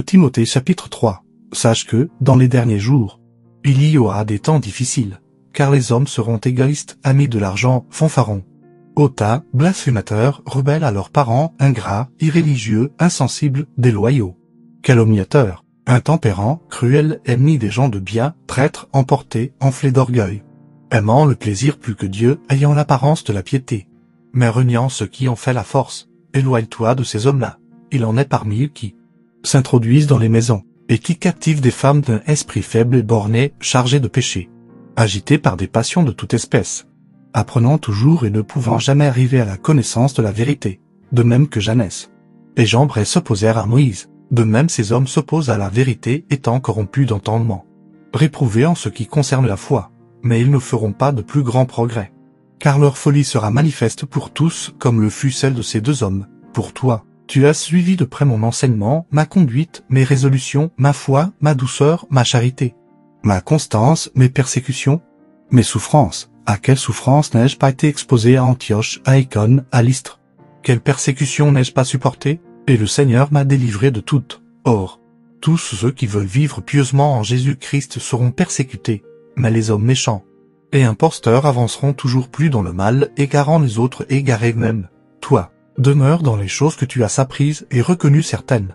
Timothée chapitre 3. Sache que, dans les derniers jours, il y aura des temps difficiles, car les hommes seront égoïstes, amis de l'argent, fanfarons. Otas, blasphémateurs, rebelles à leurs parents, ingrats, irréligieux, insensibles, déloyaux. Calomniateurs, intempérants, cruels, ennemis des gens de bien, traîtres, emportés, enflés d'orgueil. Aimant le plaisir plus que Dieu, ayant l'apparence de la piété. Mais reniant ceux qui ont fait la force, éloigne-toi de ces hommes-là. Il en est parmi eux qui, s'introduisent dans les maisons, et qui captivent des femmes d'un esprit faible et borné, chargées de péché, agitées par des passions de toute espèce, apprenant toujours et ne pouvant jamais arriver à la connaissance de la vérité, de même que Jeannès. Et Jambres s'opposèrent à Moïse, de même ces hommes s'opposent à la vérité étant corrompus d'entendement, réprouvés en ce qui concerne la foi, mais ils ne feront pas de plus grands progrès. Car leur folie sera manifeste pour tous comme le fut celle de ces deux hommes, pour toi, tu as suivi de près mon enseignement, ma conduite, mes résolutions, ma foi, ma douceur, ma charité, ma constance, mes persécutions, mes souffrances. À quelle souffrance n'ai-je pas été exposé à Antioche, à Icône, à Lystre Quelle persécution n'ai-je pas supporté Et le Seigneur m'a délivré de toutes. Or, tous ceux qui veulent vivre pieusement en Jésus-Christ seront persécutés, mais les hommes méchants et imposteurs avanceront toujours plus dans le mal, égarant les autres égarés eux-mêmes. Demeure dans les choses que tu as apprises et reconnues certaines.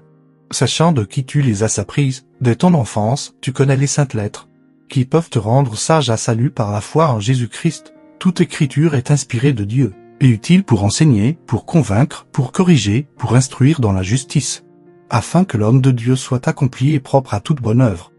Sachant de qui tu les as apprises, dès ton enfance, tu connais les saintes lettres, qui peuvent te rendre sage à salut par la foi en Jésus-Christ. Toute écriture est inspirée de Dieu, et utile pour enseigner, pour convaincre, pour corriger, pour instruire dans la justice, afin que l'homme de Dieu soit accompli et propre à toute bonne œuvre.